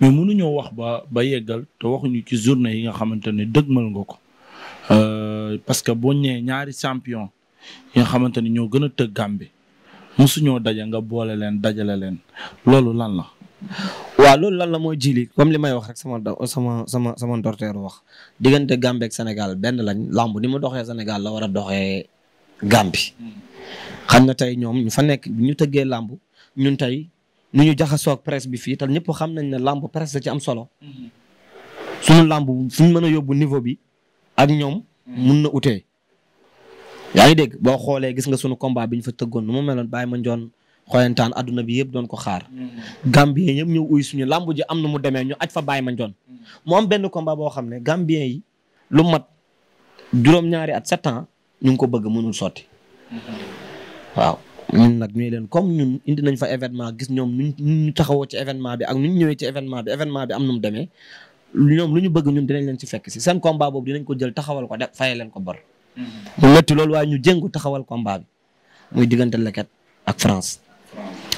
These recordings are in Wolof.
mais mënuñoo wax ba ba yeggal te waxuñu ci journée yi nga xamante ne mal nga ko euh, parce que boo ñëwee ñaari champion yi nga xamante ne ñoo gën a tëgg Gàmbi mosuñoo daje nga boole leen dajale leen loolu lan la. waaw loolu lan la mooy jili comme li may wax rek sama sama sama sama ndorteeru wax diggante Gàmbi Sénégal benn lañ làmb ni ma doxee Sénégal la war a doxee Gàmbi. Hmm. xam na tey ñoom ñu fa nekk ñu tëggee làmb ñun tey nu ñu jaxasoog presse bi fii te ñëpp xam nañ ne làmb presse ci am solo. suñu làmb fu ñu mën a yóbbu niveau bi ak ñoom. mun na utee. yaa ngi dégg boo xoolee gis nga sunu combat bi ñu fa tëggoon nu mu meloon bàyyi ma njoon xoyantaan adduna bi yëpp doon ko xaar. Gambien yëpp ñëw uy suñu làmb ji am na mu demee ñu aj fa baay ma njoon. mu am benn combat boo xam ne Gambien yi lu mat juróom-ñaari at sept ñu ngi ko bëgg mënul sotti. ñun nag ñu leen comme ñun indi nañ fa événement gis ñoom nuñ ñu taxawoo ci événement bi ak nuñ ñëwee ci événement bi événement bi am nu mu demee ñoom lu ñu bëgg ñun dinañ leen ci fekk si seen combat boobu dinañ ko jël taxawal ko def fayee leen ko bor. mu métti loolu waaye ñu jëngu taxawal combat bi muy diggante Leket ak France.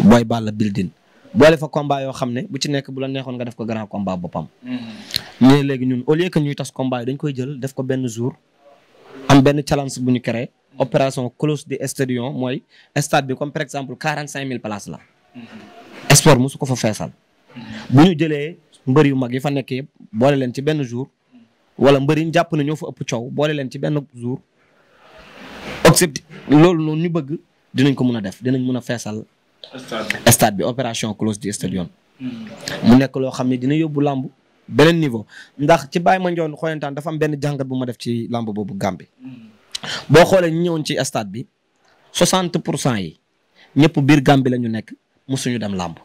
Boy Balla building boole fa combat yoo xam ne bu ci nekk bu la neexoon nga def ko grand combat boppam. Mm-hmm. mais léegi ñun au lieu que ñuy tas combat yi dañ koy jël def ko benn jour am benn challenge bu ñu créé. opération close de stadion mooy stade bi comme par exemple quarante cinq mille places la. Mm-hmm. sport mosu ko fa feesal. Mm-hmm. bu ñu jëlee mbër yu mag yi fa nekk yëpp boole leen ci benn jour. wala mbër yi ñu jàpp ne ñoo fa ëpp coow boole leen ci benn jour. except loolu noonu ñu bëgg dinañ ko mën a def dinañ mun a feesal. stade bi opération close du stadion. Mm-hmm. mu nekk loo xam ne dina yóbbu làmb beneen niveau ndax ci ma Mandione xoyantaan dafa am benn jàngat bu ma def ci làmb boobu Gambie. boo xoolee ñu ñëwoon ci stade bi 60 pour cent yi ñëpp biir Gàmbi la ñu nekk suñu dem làmb.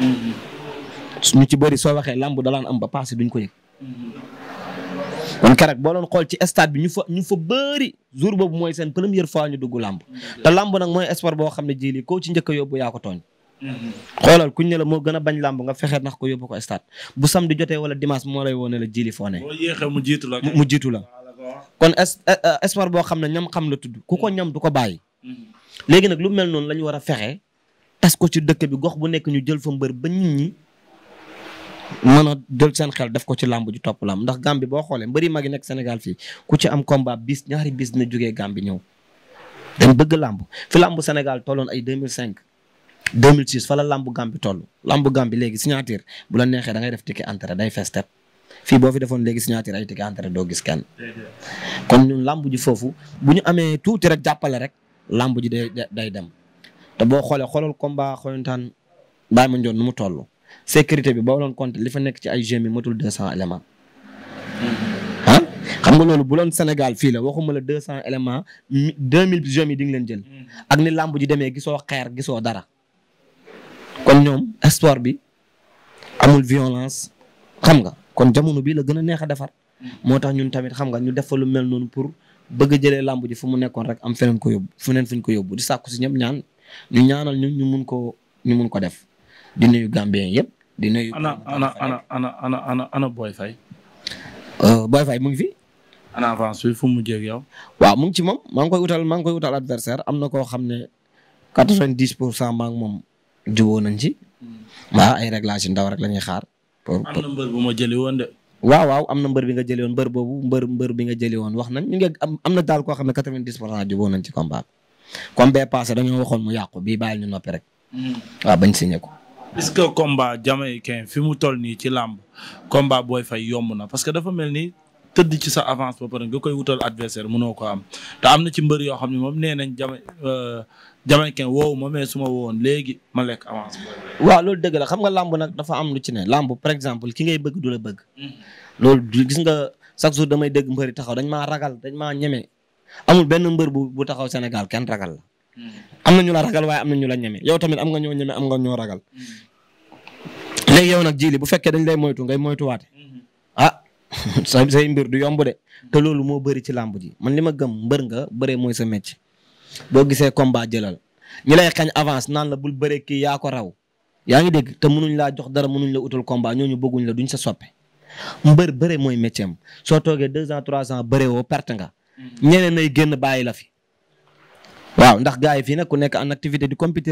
Mm-hmm. ñu ci bëri soo waxee làmb dalaan am ba passé duñ ko yëg. Mm-hmm. kon keroog boo doon xool ci stade bi ñu fa ñu fa bëri jour boobu mooy seen première fois ñu dugg làmb. Mm-hmm. te làmb nag mooy sport boo xam ne ji ko ci njëkk a yóbbu yaa ko tooñ. xoolal kuñ ne la moo gën a bañ làmb nga fexe ndax ko yóbbu ko stade bu samedi jotee wala dimanche moo lay woo ne la jili foo mu jiitu la mu jiitu la. kon e, e, espoir boo xam ne ñam xam la tudd ku ko ñam mm. du ko bàyyi. Mm-hmm. léegi nag lu mel noonu la ñu war a fexe tas ko ci dëkk bi gox bu nekk ñu jël fa mbër ba nit ñi mën a jël seen xel def ko ci lamb ji topp làmb ndax Gambie boo xoolee mbëri mag yi nekk senegal fii ku ci am combat bis ñaari bis na jógee Gambie ñëw. dañ bëgg làmb fi làmb Sénégal tolloon ay 2005 2006 fa la làmb Gambie toll làmb Gambie léegi signature bu la neexee da ngay def ticket entrée day fees tepp fii boo fi defoon léegi signature ay ticket entrée doo gis kenn. kon ñun ji foofu bu ñu amee tuuti rek jàppale rek làmb ji day day dem te boo xoolee xoolal combat xoyantaan Baye Mandione nu mu toll sécurité bi boo doon compter li fa nekk ci ay GMI matul 200 éléments. xam nga loolu bu loon Sénégal fii la waxuma la cent éléments deux mille jeunes yi di nga leen jël. ak ni làmb ji demee gisoo xeer gisoo dara. kon ñoom histoire bi amul violence xam nga kon jamono bii la gën a neex a defar. moo tax ñun tamit xam nga ñu def fa lu mel noonu pour bëgg a jëlee làmb ji fu mu nekkoon rek am feneen ko yóbbu feneen fuñ ko yóbbu di sàkku si ñëpp ñaan ñu ñaanal ñu ñu mun koo ñu mun ko def di nuyu Gambien yëpp. di nuyu ana ana ana ana ana ana ana Boy Faye. Euh, Boy Faye mu ngi fi. ana avance bi fu mu mujjee ak yow. waaw mu ngi ci moom maa ngi koy utal maa ngi koy utal adversaire am na koo xam ne quatre-vingt-dix pour cent maa moom jubóo nañ ci. Hmm. waaw ay réglage yu ndaw rek lañuy xaar. am na mbër bu ma jëli woon de. waaw waaw am na mbër bi nga jëli woon mbër boobu mbër mbër bi nga jëli woon wax nañ ñu ngi am am na daal koo xam ne quatre-vingt-dix pour cent jubóo nañ bee passé dañoo waxoon mu yàqu bii bàyyi ñu noppi rek. Hmm. waaw bañ signé ko. est-ce fi mu toll nii ci làmb combat booy fay yomb na parce que dafa mel ni tëdd ci sa avance ba pare nga koy wutal adversaire mënoo ko am te am na ci mbër yoo xam ne moom nee nañ jama euh, jamaïcain woowu ma mais su woon léegi ma lekk avance. waaw dëgg la xam nga làmb nag dafa am lu ci ne làmb par exemple ki ngay bëgg du la bëgg. loolu gis nga chaque jour damay dégg mbër taxaw dañ maa ragal dañ maa ñeme amul benn mbër bu bu taxaw Sénégal kenn ragal am na ñu la ragal waaye am na ñu la ñeme yow tamit am nga ñoo ñeme am nga ñoo ragal. Mm. léegi yow nag jili bu fekkee dañ lay moytu ngay moytuwaate say say mbir du yomb de te loolu moo bëri ci làmb ji man li ma gëm mbër nga bëree mooy sa métier boo gisee combat jëlal ñi lay xañ avance naan la bul bëree kii yaa ko raw yaa ngi dégg te mënuñ laa jox dara mënuñ la utal combat ñu bëgguñ la duñ sa soppe mbër bëre mooy métier soo toogee deux ans trois ans bëree woo perte nga. Mm-hmm. ñeneen nay génn bàyyi la fi. waaw ndax gars yi fii nag ku nekk en activité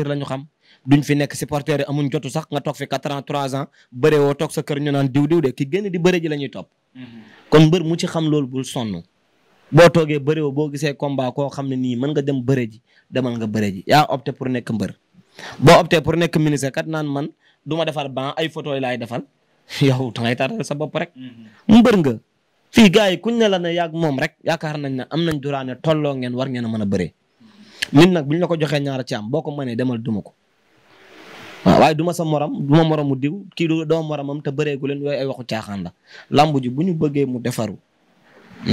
la ñu xam duñ fi nekk supporter yi amuñ jotu sax nga toog fi quatre ans woo toog sa kër ñu naan diw diw de ki génn di bëre ji la ñuy topp kon mbër mu ci xam loolu bul sonn boo toogee bëriwoo boo gisee combat koo xam ne nii mën nga dem bëre ji demal nga bëre ji yaa opté pour nekk mbër boo opté pour nekk ministre kat naan man duma ma defar ban ay foto yi laay defal yow da ngay tardé sa bopp rek. Mm-hmm. mbër nga fii gars yi kuñ na la ne yàgg moom rek yaakaar nañ ne am nañ duraane tolloo ngeen war ngeen a mën a bëree. Mm-hmm. nit nag buñ la ko joxee ñaara ci am boo ko mënee demal duma ko waaw waaye du ma sa morom du ma mu diw kii du doo moromam te bëreegu leen yooyu ay waxu caaxaan la làmb ji bu ñu bëggee mu defaru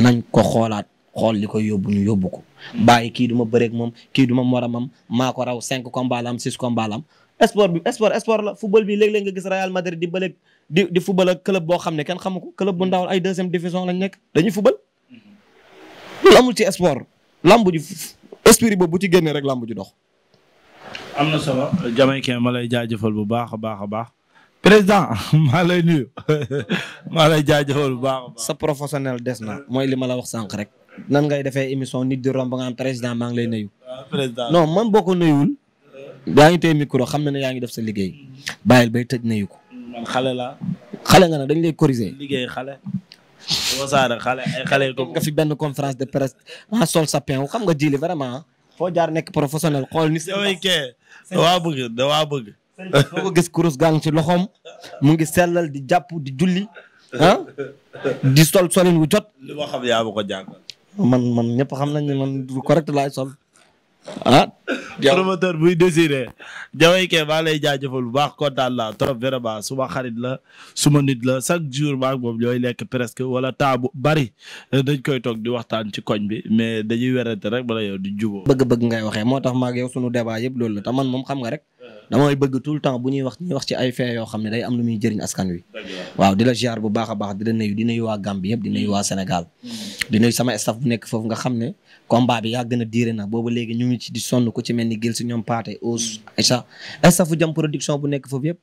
nañ ko xoolaat xool li koy yóbbu ñu yóbbu ko bàyyi kii du ma bëreeg moom kii du ma mam maa ko raw cinq combats la am six combats la am la football bi léeg-léeg nga gis Real Madrid di di di football ak club boo xam ne kenn xamu ko club bu ndaw ay deuxième division lañ nekk dañuy football ci sport làmb ji boobu ci génnee rek làmb ji dox am na solo Jamaïcain ma lay jaajëfal bu baax a baax a baax président maa lay nuyu maa lay jaajëfal bu baax baax. sa professionnel des na mooy li ma la wax sànq rek. nan ngay defee émission nit di romb nga président maa ngi lay nuyu. Ah, président non man boo nuyul. yaa ngi te micro xam na ne yaa ngi def sa liggéey. bàyyil bay tëj nuyu ko. man la laa. xale nga nag dañ lay corriger. liggéey xale. wasaare xale ay xale. nga fi benn conférence de presse ah sol sapin xam nga jili vraiment. foo jaar nekk professionnel xool ni. ok waa bëgg dawaa bëgg. soo gis kurus gang ci loxoom mu ngi sellal di jàpp di julli ah di sol sol wu jot. li xam yaa ma ko jàngal. man man ñëpp xam nañu ne man du correct laay sol. ah. promoteur buy désiré. Jaway Kee maa lay jaajëfal bu baax kontaan la trop baa suma xarit la suma nit la chaque jour maa ngi moom ñooy lekk presque wala taabu bari eh, dañ koy toog di waxtaan ci koñ bi mais dañuy werante rek bala yow di jubóo. bëgg-bëgg ngay waxee moo tax maag yow sunu débat yëpp loolu la ta man moom xam nga rek. damay bëgg tout le temps bu ñuy wax ñuy wax ci ay fee yoo xam ne day am lu muy jëriñ askan wi. waaw di la ziar bu baax a baax di la nuyu di nuyu waa Gambie yëpp di waa Sénégal. Mm. di nuyu sama staff bu nekk foofu nga xam ne combat bi yaa gën a diire na boobu léegi ñu ngi ci di sonn ku ci mel ni gil si ñoom paate aus Aïcha staff jam production bu nekk foofu yëpp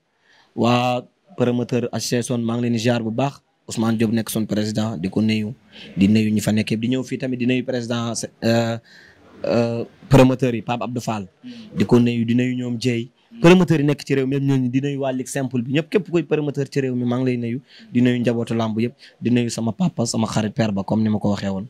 waa promoteur HC Son maa ngi leen di ziar bu baax Ousmane Diop nekk son président di ko nuyu di nuyu ñi fa nekk yëpp di ñëw fii tamit di nuyu président euh, euh, promoteurs yi Pape Abdou Fall di ko nuyu di nuyu ñoom Dieye promoteur yi nekk ci réew mi yëpp ñooñu di nuyu waa bi ñëpp képp koy promoteur ci réew mi maa ngi lay nuyu di nuyu njabootu làmb yëpp di nuyu sama papa sama xarit père ba comme ni ma ko waxee